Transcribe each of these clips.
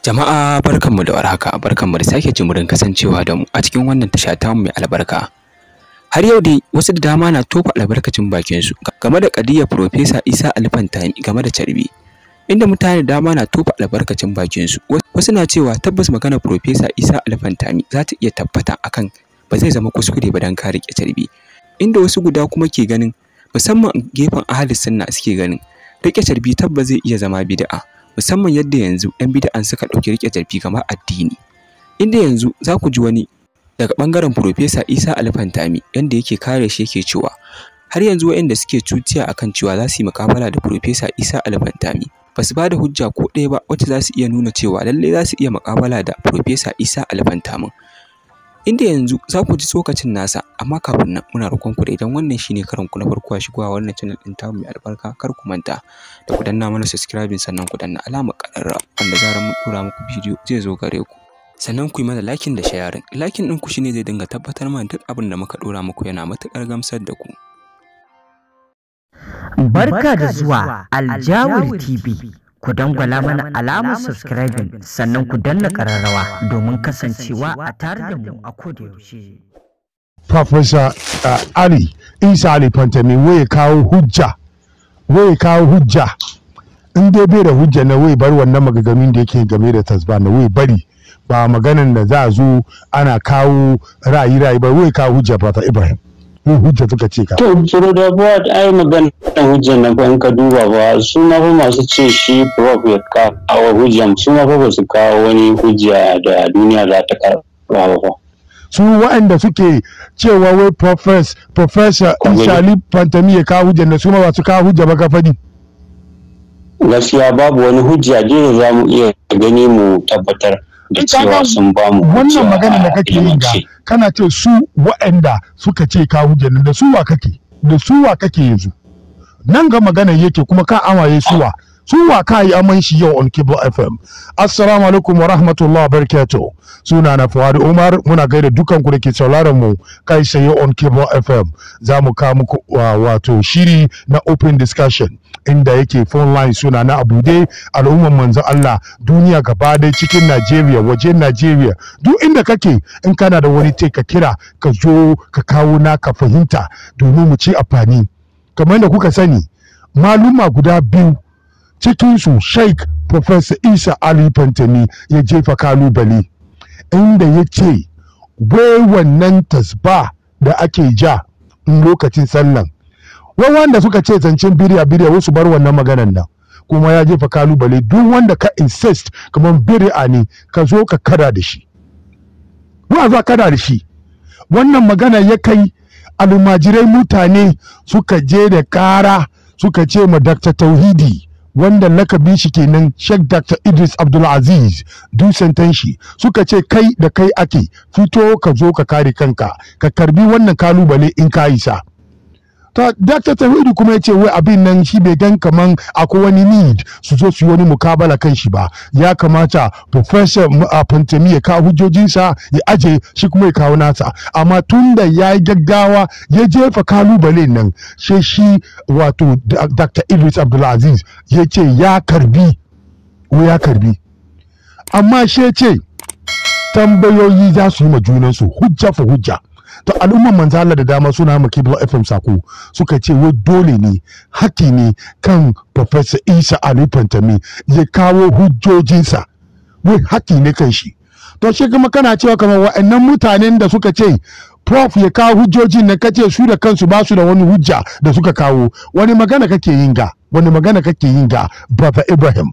Jama'a barkanmu da warhaka, barkanmu da sake murin kasancewa da mu a cikin wannan tasha ta mai albarka. Har yau dai wasu da dama na tofa albarkacin bakin su game da kadiyar Profesa Isa Alfantani game da carbi. Inda mutane da dama na tofa albarkacin bakin su. Wasu na cewa tabbas magana Profesa Isa Alfantani za ta iya tabbata akan ba zai zama kuskure ba dan kare carbi. Inda wasu guda kuma ke ganin musamman gefen ahli sunna suke ganin rike carbi tabbas zai iya zama bid'a. musamman yadda yanzu 'yan bid'an suka ɗauki rike jarfi kamar addini inda yanzu za ku ji wani daga bangaren Profesa Isa Alfantami yadda yake kare shi yake cewa har yanzu wayanda suke cutiya akan cewa za su yi mukabala da Profesa Isa Alfantami ba su ba da hujja ko ɗaya ba wacce za su iya nuna cewa lallai za su iya mukabala da Profesa Isa Alfantamin inda yanzu za ku ji tsokacin nasa amma kafin nan muna roƙon ku da idan wannan shine karan ku na farko a shigowa wannan channel din tamu mai albarka kar ku manta da ku danna mana subscribing sannan ku danna alamar ƙararra wanda zarar mun dora muku bidiyo zai zo gare ku sannan ku yi mana lakin da shayarin lakin ɗin ku ne zai dinga tabbatar mana duk abin da muka dora muku yana matuƙar gamsar da ku barka da zuwa aljawul tv ku dangwala mana alamar subscribing sannan ku danna kararrawa domin kasancewa a tare da mu a yaushe. Professor uh, Ali Isa Ali Fantami wai kawo hujja wai kawo hujja in dai bai da hujja na wai bar wannan magagamin da yake game da tasba na wai bari ba maganan da za a zo ana kawo ra'ayi ra'ayi ba wai kawo hujja fata Ibrahim mun hujja suka ce ka. To tsoro da ba ai magana hujja na ban ka duba ba su ma fa masu ce shi prof ya kawo hujjan su ma fa ba su kawo wani hujja da duniya za ta karɓa ba. su wa'anda suke cewa wai Profes, professor Ishali Pantami ya kawo hujja da su ma ba su kawo hujja ba ka faɗi. Gaskiya babu wani hujja da za mu iya gani mu tabbatar. da eh, cewa sun ba mu wannan magana da kake yi ga kana ce su waɗanda suka ce ka hujja da su wa kake da su wa kake yanzu nan ga magana yake kuma ka amaye suwa suwa ka yi aman shi yau on kibo fm assalamu alaikum wa rahmatullah barkato suna na fawad umar muna gaida dukan ku da ke sauraron mu kai sayo on kibo fm za mu kawo muku wato shiri na open discussion inda yake phone line suna na abude al'umman manzon Allah duniya gaba dai cikin Najeriya waje Najeriya duk inda kake in kana da wani take ka kira ka zo ka kawo na, ka fahimta domin mu ci amfani kamar da kuka sani maluma guda biyu cikinsu sheik professor isa ali fantani ya jefa kalubale inda ya ce wai wannan tasba da ake ja in lokacin sallan wai wanda suka ce zancen birya biriya wasu bar wannan maganan nan kuma ya jefa kalubale duk wanda ka insist kamar birya ne ka zo ka kada da shi wa za kada da shi wannan magana ya kai almajirai mutane suka je da kara suka ce ma Dr. Tauhidi wanda lakabi shi kenan Sheikh Dr. Idris Abdulaziz dusantan shi suka ce kai da kai ake fito ka zo ka kare kanka ka karbi wannan kalubale in ka isa dakta ta hudu kuma ya ce wai abin nan shi bai gan kaman akwai wani need su zo su yi wani mukabala kan shi ba ya kamata professor uh, pantami ya kawo hujjojinsa ya aje shi kuma ya kawo nasa amma tun da ya yi gaggawa ya jefa kalubale nan sai shi wato dr idris abdulaziz ya ce ya karbi ya karbi amma she ce tambayoyi za su yi ma junansu hujja fa hujja to al'umman manzala da dama suna mu kibo fm sako suka ce wai dole ne haki ne kan professor isa ali Pantami ya kawo hujjojinsa wai haki ne kan shi to shi kuma kana cewa kamar wa'annan mutanen da suka ce prof ya kawo hujjojin na kace su da kansu ba su da wani hujja da suka kawo wani magana kake yin ga wani magana kake yin ga brother ibrahim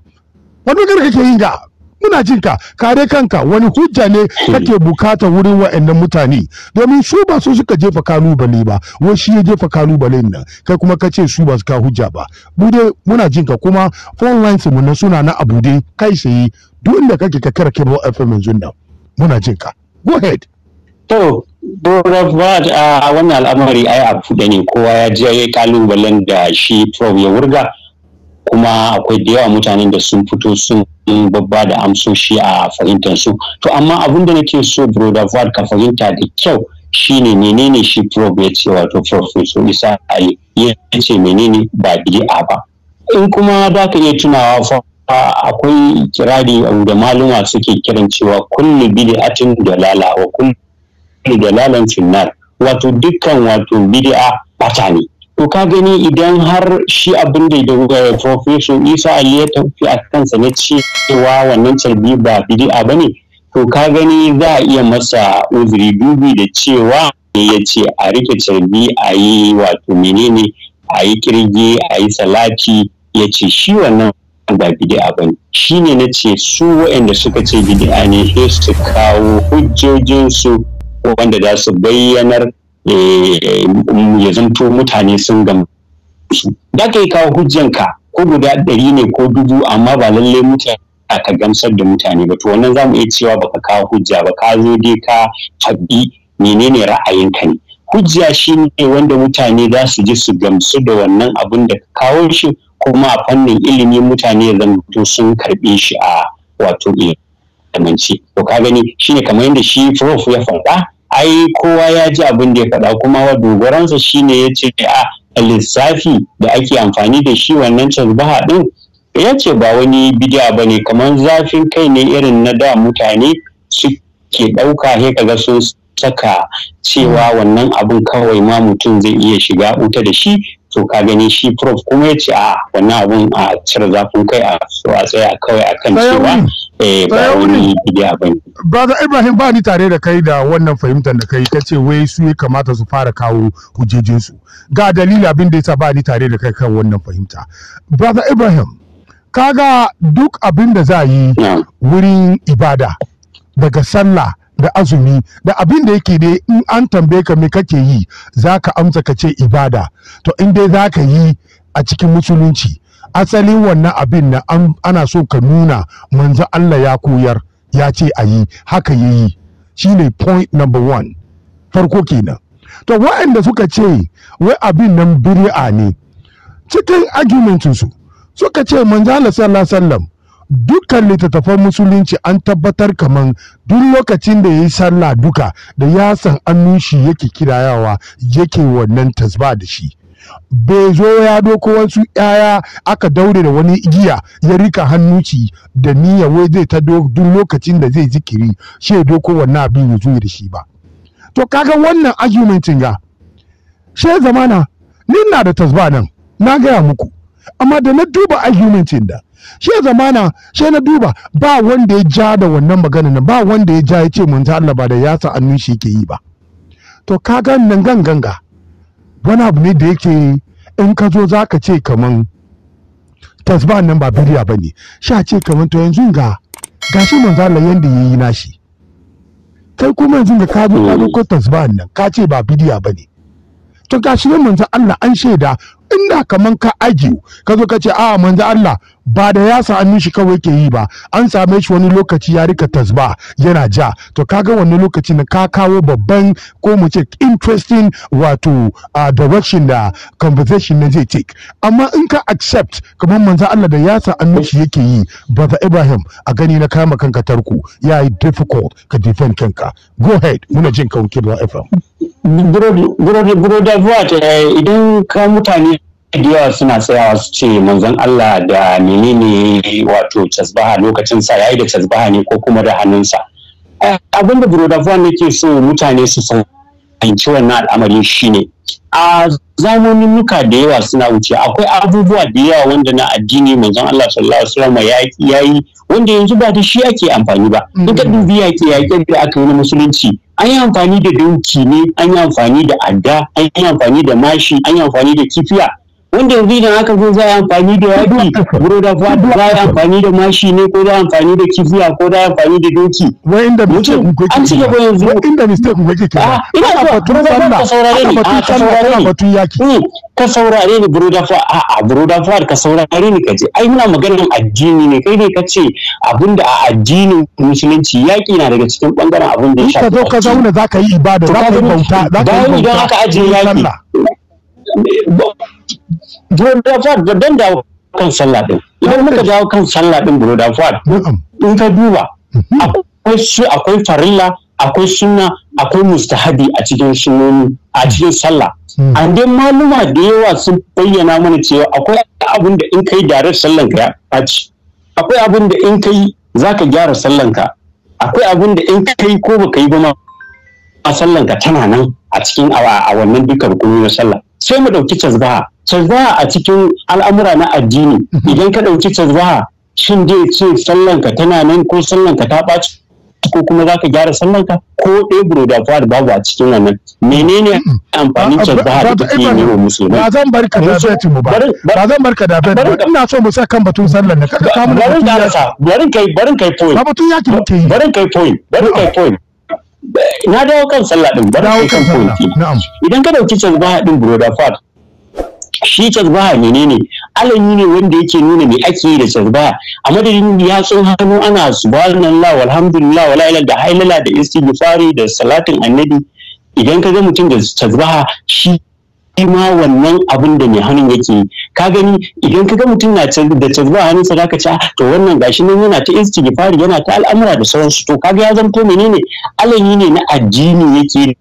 wani magana kake yin ga muna jin ka kare kanka wani hujja ne kake bukata wurin wa'annan mutane domin su ba su suka jefa kalubale ba wai shi ya jefa kalubale nan kai kuma ka ce su ba su ka hujja ba bude muna jin ka kuma phone lines mu na suna na abude kai sai duk inda kake ka kira kebo FM yanzu nan muna jin ka go ahead to Dora Vard a wannan al'amari ai a fuɗe ne kowa ya je kalubalen da shi Prof ya wurga. kuma akwai da yawa mutanen da sun fito sun babba da amsoshi a fahimtar su to amma abin da nake so broda ka fahimta da kyau shine menene shi probe ya ce wato professor Isa Ali ya ce menene ba bid'a ba in kuma za ka iya tunawa fa akwai kirari da maluma suke kiran cewa kullu bid'atin dalala wa kullu dalalan finnar wato dukkan wato bid'a bata ne to ka gani idan har shi abin da da profesor isa ali ya tafi a kansa na cewa wannan carbi ba bidi'a ba ne to ka gani za a iya masa uzuri dubi da cewa ya ce a rike carbi a yi wato menene a yi kirge a yi salati ya ce shi wannan ba bidi'a ba ne shi ne na ce su waɗanda suka ce bidi'a ne su kawo hujjojinsu wanda za su bayyanar Eh, ya zanto mutane sun gamu da ka yi kawo hujjanka ko guda ɗari ne ko dubu amma ba lallai mutane ka gamsar da mutane ba to wannan zamu iya cewa baka kawo hujja ba ka zo dai ka tabbi, menene ra'ayinka ne hujja shine wanda mutane za su ji su gamsu da wannan abun da ka kawo shi kuma a fannin ilimin mutane ya zanto sun karɓe shi a wato ilmanci to ka gani shine kamar yadda shi prof ya faɗa ai kowa ya ji abin da ya faɗa kuma wa dogaransa shine ya ce a ah, lissafi da ake amfani da shi wannan canzaha ɗin ya ce ba wani bidiya ba ne kamar zafin kai ne irin na da mutane suke ɗauka he kaga sun saka cewa wannan abin kawai ma mutum zai iya shiga wuta da shi to ka gani shi prof kuma ya ce a wannan abun a cire zafin kai a tsaya kawai a kan cewa eh, baza Ibrahim ba ni tare da kai da wannan fahimtar da kai ta ce wai su ya kamata su fara kawo hujjejinsu. Ga dalili abin da ya ba ni tare da kai kan wannan fahimta. baza Ibrahim, kaga duk abin da za yi wurin ibada daga sallah da azumi da abin da yake dai in an tambaye ka me kake yi za ka amsa ka ce ibada to in dai za ka yi a cikin musulunci asalin wannan abin na ana so ka nuna manzo Allah ya koyar ya ce a yi haka ya yi shi ne point number one farko kenan to waɗanda suka ce wai abin nan biri'a ne cikin argumentinsu suka ce manzo Allah sallallahu alaihi wasallam dukkan littattafan musulunci an tabbatar kamar duk lokacin da ya yi sallah duka da ya san annun shi yake kirayawa yake wannan tasba da shi bai zo ya doko wasu yaya aka daure da wani igiya ya rika hannuci da niyya wai zai ta duk lokacin da zai zikiri shi ya doko wannan abin ya zo da shi ba to kaga wannan argumentin ga she zamana ni na da tasba nan na gaya muku amma da na duba argumentin da shi ya zamana shi na duba ba wanda ya ja da wannan magana ba wanda ya ja ya ce mun Allah ba da yasa annun shi ke yi ba to ka ga nan ganganga wani abu ne da yake in ka zo za ka ce kaman tasba nan ba biriya ba ne sha ce kaman to yanzu ga gashi mun Allah yanda yayi nashi kai kuma yanzu ga ka zo ka ko mm. tasba nan ka ce ba biriya ba ne to gashi nan mun Allah an shaida inda kaman ka ajiyu ka zo ka ce a ah, manzo Allah ba da ya sami shi kawai ke yi ba an same shi wani lokaci ya rika tasba yana ja to kaga wani lokaci na ka kawo babban ko mu ce interesting wato uh, direction da conversation na zai take amma in ka accept kamar manzo Allah da ya sami shi yake yi brother Ibrahim a gani na kama kanka tarko ya yi difficult ka defend kanka go ahead muna jin ka wuke brother Ibrahim Gurodi Gurodi idan ka mutane yawa suna tsayawa su ce manzon Allah da menene wato casbaha lokacin sa yayi da casbaha ne ko kuma da hannunsa eh, abin da ne ke so mutane su san fahimci wannan al'amari shine a zamanin nuka da yawa suna wuce akwai abubuwa da yawa wanda na addini manzon Allah sallallahu alaihi wasallam ya yi wanda yanzu ba da shi ake amfani ba duk da dubi yake yake da aka yi na musulunci an yi amfani da doki ne an yi amfani da adda an yi amfani da mashi an yi amfani da kifiya wanda yanzu idan aka zo za a amfani da yaki wuri da fa za a amfani da mashi ne ko za a amfani da kifiya ko za a amfani da doki wanda mutum an ci gaba yanzu inda mistake kuke ke a ah, ina da batun sallah ka saurare ni batun yaki ka saurare ni bro da fa a a bro da fa ka saurare ni kaje ai muna maganar addini ne kai ne kace abinda a addinin musulunci yaki na daga cikin bangaren abinda ya shafi ka zo ka zauna zaka yi ibada zaka yi bauta zaka yi bauta idan aka ajiye yaki Broda Fuad dawo kan sallah din. Idan muka dawo kan sallah din In ka duba akwai su akwai farilla akwai akwai mustahabi a cikin sunoni a cikin sallah. An dai maluma da yawa sun bayyana mana cewa akwai abin da in kai darar sallan ka ya ɓaci. Akwai abin da in kai za ka gyara sallan ka. Akwai abin da in kai ko ka yi ba ma sallan ka tana nan a cikin a wannan dukkan na sallah. sai mu ɗauki cazbaha cazbaha a cikin al'amura na addini mhm. idan ka ɗauki cazbaha shin zai ce sallanka tana nan ko sallanka ta ɓaci ko kuma za ka gyara sallanka ko ɗaya da fuwa da babu a cikin wannan menene mhm. amfanin cazbaha da take yi wa musulmai ba zan bar ka dafe mu ba ba zan bar ka dafe ba ina so mu sa kan batun sallan ne kada ka mu barin ka barin kai point ba batun ya muke yi barin kai point barin kai point na dawo kan sallah din ba dawo kan sallah idan ka dauki cazbaha din broda fat shi cazbaha menene alami ne wanda yake nuna mai ake yi da cazbaha a madadin yatsun hannu ana subhanallah walhamdulillah wala ilaha da hailala da istighfari da salatin annabi idan ka ga mutum da cazbaha shi ma wannan abin da mai hannun yake ka gani idan ka ga mutum na da tazba hannunsa za ka ci ah, to wannan gashi nan yana ta fari yana ta al'amura da sauransu to ga ya zanto menene alayi ne na addini yake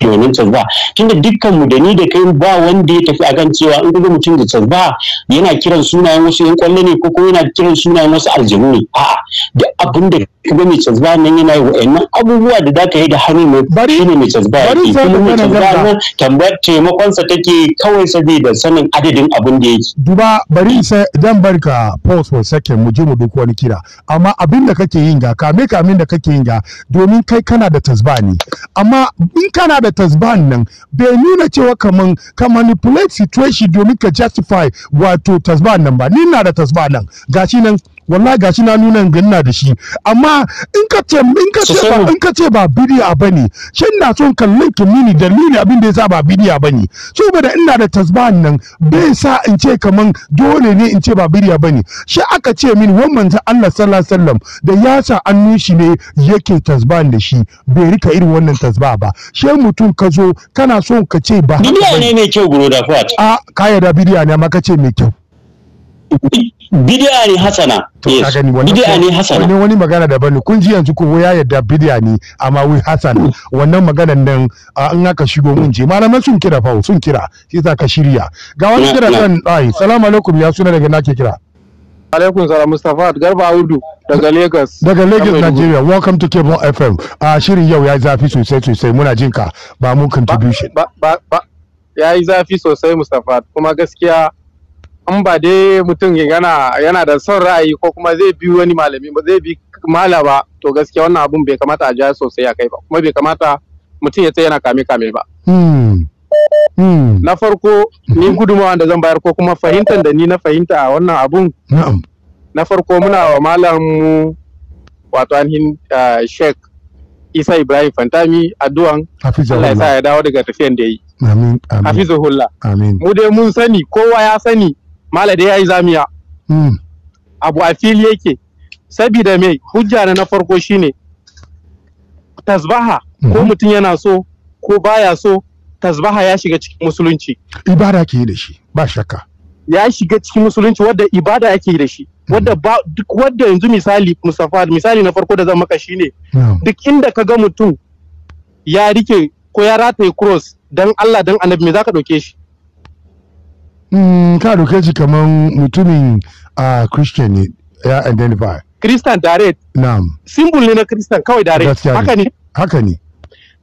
domin tazba tunda dukkan mu da ni da kai ba wanda ya tafi akan cewa in ga mutum da tazba yana kiran sunayen wasu yan kwallo ne ko kuma yana kiran sunayen wasu aljihu ne a'a da abin da Kuma mai casba nan yana yi wa'annan abubuwa da zaka yi da hannu mai bari ne mai casba ya ke kuma mai casba nan tambayar taimakonsa take kawai saboda sanin adadin abin da yake. duba bari sai dan ka pause for second mu je mu duk wani kira amma abin da kake yin ga kame kamin da kake yin ga domin kai kana da tasba ne amma in kana da tasba nan bai nuna cewa kaman ka manipulate situation domin ka justify wato tasba nan ba ni na da tasba nan gashi nan wallahi gashi na nuna ganna da shi amma in ka ce in ka ce ba in ka ce ba bidiya bane shin na son kallon kimini dalili abin da yasa ba bidiya bane saboda ina da tasbahan nan bai sa in ce kaman dole ne in ce ba bidiya bane shi aka ce mini wannan manzo Allah sallallahu alaihi wasallam da ya sa annun shi ne yake tasbahan da shi bai rika irin wannan tasba ba shi mutum ka zo kana son ka ce ba bidiya ne mai kyau guro da kwat a kaya da bidiya ne amma ka ce mai kyau bid'a ne hasana yes bid'a ne hasana wannan wani magana daban ne kun ji yanzu ko ya yadda bid'a ne amma wai hasana wannan maganan nan an aka shigo mun je malaman sun kira fa sun kira sai za ka shirya ga wani kira kan ai salamu alaikum ya suna daga nake kira alaikum salam mustafa garba audu daga lagos daga lagos nigeria welcome to kebon fm a shirin yau ya zafi sosai sosai muna jinka ba mu contribution ba ba ya yi zafi sosai mustafa kuma gaskiya in ba dai mutum yana yana da son ra'ayi ko kuma zai bi wani malami ba zai bi mala ba to gaskiya wannan abun bai kamata a ja sosai a kai ba kuma bai kamata mutum ya ta yana kame kame ba hmm. Hmm. na farko ni gudumawa da zan bayar ko kuma fahimtar da ni na fahimta a wannan abun na farko muna wa malam wato ainihin eh, shek isa ibrahim fantami addu'an allah ya sa ya dawo daga tafiyan da ya yi Amin. mu dai mun sani kowa ya sani malade ya yi zamiya hmm. abu a fili yake sabida mai hujja na farko shine tasbaha ko hmm. mutum yana so ko baya so tasbaha ya shiga cikin musulunci ibada ke da shi ba shakka ya shiga cikin musulunci wadda ibada yake da shi hmm. wadda ba duk wadda yanzu misali musafa misali na farko da zan maka shine duk inda ka ga mutum ya rike ko ya rataye cross dan Allah dan annabi me zaka dauke shi ka doke shi kaman mutumin a christian ne ya identify christian direct na'am symbol ne na christian kawai direct haka ne haka ne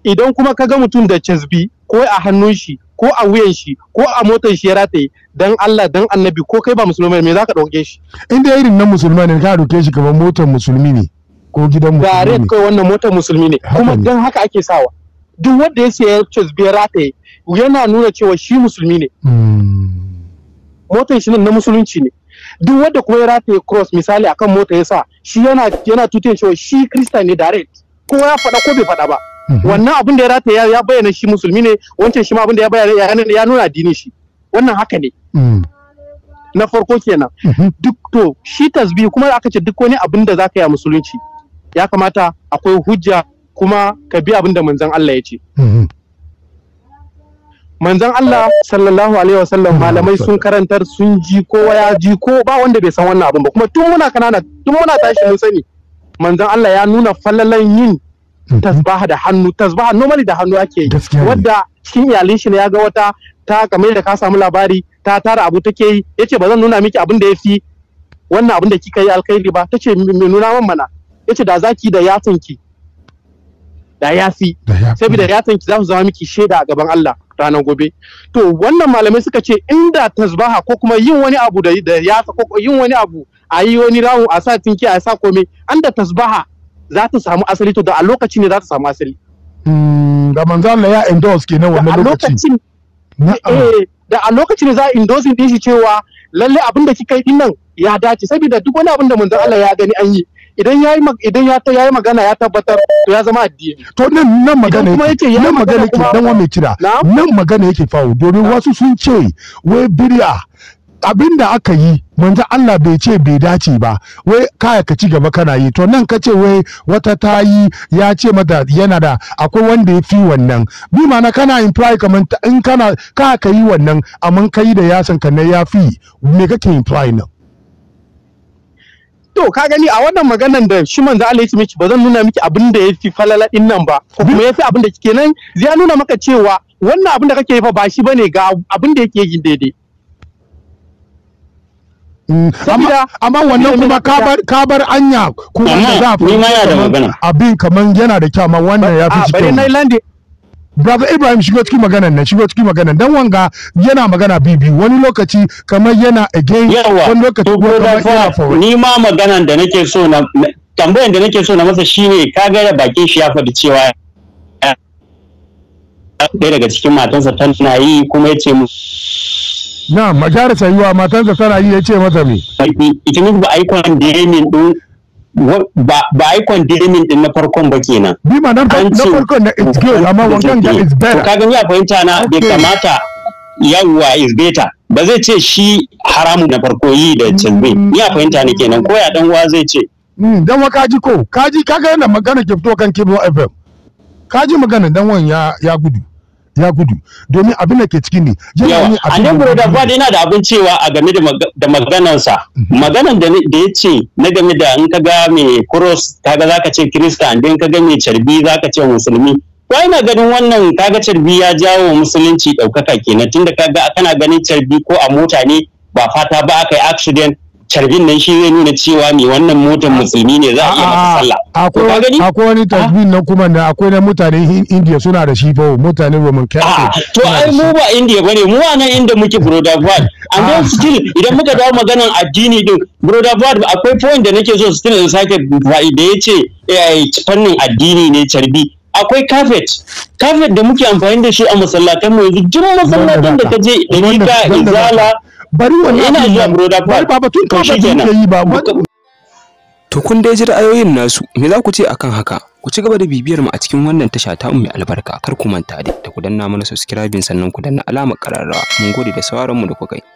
idan kuma ka ga mutum da casbi ko a hannun shi ko a wuyan shi ko a motar shi ya rataye dan Allah dan annabi ko kai ba musulmi ne me zaka dauke shi in irin nan musulmi ne ka dauke shi kamar motar musulmi ne ko gidan musulmi ne direct kai wannan motar musulmi ne kuma dan haka ake sawa duk wanda ya siya casbi ya rataye yana nuna cewa shi musulmi ne hmm. Motan shi na musulunci ne duk wanda kuma ya rataye cross misali akan mota ya sa shi yana yana tutin cewa shi kristan ne direct kowa ya faɗa ko bai faɗa ba mhm. wannan abin da ya rataye ya bayyana shi musulmi ne wancan shi ma abin da ya bayyana ya nuna addinin shi wannan haka ne mhm. na farko kenan mhm. duk to shi tasbihi kuma aka ce duk wani abin da zaka yi a musulunci ya kamata akwai hujja kuma ka bi abin da manzon Allah ya ce manzon Allah sallallahu alaihi wasallam malamai sun karantar sun ji kowa ya ji ko ba wanda bai san wannan abin ba kuma tun muna kanana tun muna tashi mun sani manzon Allah ya nuna fallalan yin mhm. tasbaha da hannu tasbaha normally da hannu ake yi wadda cikin iyalin shi ne ya ga wata ta kamar da ka samu labari ta tara abu take yi yace ba zan nuna miki abin da yafi wannan abin da kika yi alkhairi ba tace me nuna man mana yace da zaki da yatsanki da yafi saboda yatsanki za su zama miki shaida a gaban Allah ranar gobe to wannan malamai suka ce inda tasbaha ko kuma yin wani abu da ya ko yin wani abu a yi wani rawu a sa tinki a sa komai an da tasbaha za ta samu asali to da a lokaci ne za ta samu asali hmm, da manzo Allah ya endorse kenan wannan lokaci da a lokaci eh, ne za a endorse din shi cewa lalle abin da kika yi din nan ya dace saboda duk wani abin da manzo Allah ya gani an yi idan ya idan ya yayi magana ya tabbatar to ya zama addini to nan nan magana kuma yake nan magana yake dan wani kira nan magana yake fawo domin wasu sun ce wai birya abin da aka yi manzo Allah bai ce bai dace ba wai kaya ka ci gaba kana yi to nan kace wai wata ta yi ya ce mata yana da akwai wanda ya fi wannan bi ma'ana kana imply kamar in kana ka ka yi wannan amma kai da yasan ka na ya fi me kake imply nan To ka gani a wannan maganan da shi manzo Allah ya miki ba zan nuna miki abin da yafi falala din nan ba ko kuma yafi abin da kike nan zai nuna maka cewa wannan abin da kake yi fa ba shi bane ga abin da yake yi daidai mm, amma wannan kuma kabar anya ko da za a abin kaman yana da kyau amma wannan ya fi lande Brother Ibrahim shigo cikin magana nan shigo cikin magana dan wanga yana magana bibi wani lokaci kamar yana again wani lokaci kuma kamar yana forward ni ma magana da nake so na tambayar da nake so na masa shine kaga da bakin shi ya faɗi cewa ɗaya daga cikin matansa tana yi kuma ya ce mu na magara sayuwa matansa tana yi ya ce mata me ita ne ba aikon da ya min ba ai condemning din na farkon ba kenan bi ma na farkon na it's good amma wannan ga it's better ka gani a fahimta na bai kamata yawwa is better ba zai ce shi haramun na farko yi da cizbe ni a fahimta ne kenan ko ya dan uwa zai ce hmm, dan wa kaji ko kaji kaga yana magana ke fito kan kibro fm kaji magana dan wan ya gudu ya gudu domin abin da ke ciki ne yana da yana da abin cewa a game da maganansa mhm. maganan da ya ce na game da in ka ga mai cross kaga zaka ce kirista in ka ga mai carbi zaka ce musulmi ko ina ganin wannan kaga carbi ya jawo musulunci ɗaukaka kenan tunda kaga kana ganin carbi ko a mota ne ba fata ba aka yi accident carbin nan shi zai nuna cewa mai wannan motar musulmi ne za a iya masa sallah akwai wani tarbin nan kuma da akwai na mutane indiya suna da shi fa mutane roman catholic to ai mu ba indiya bane mu anan inda muke brother Fuad ah. and then still idan muka dawo maganan addini din brother Fuad akwai point da nake so still in sake da yace eh, fannin addini ne carbi akwai kafet kafet da muke amfani da shi a masallatan mu yanzu jiran masallatan da ta je da izala bari wani ina bari ba batun ka ba da yi ba to kun dai ji ra'ayoyin nasu me za ku ce akan haka ku ci gaba da bibiyar mu a cikin wannan tasha ta mu mai albarka kar ku manta da ku danna mana subscribe sannan ku danna alamar kararrawa mun gode da sauraron mu da kuka yi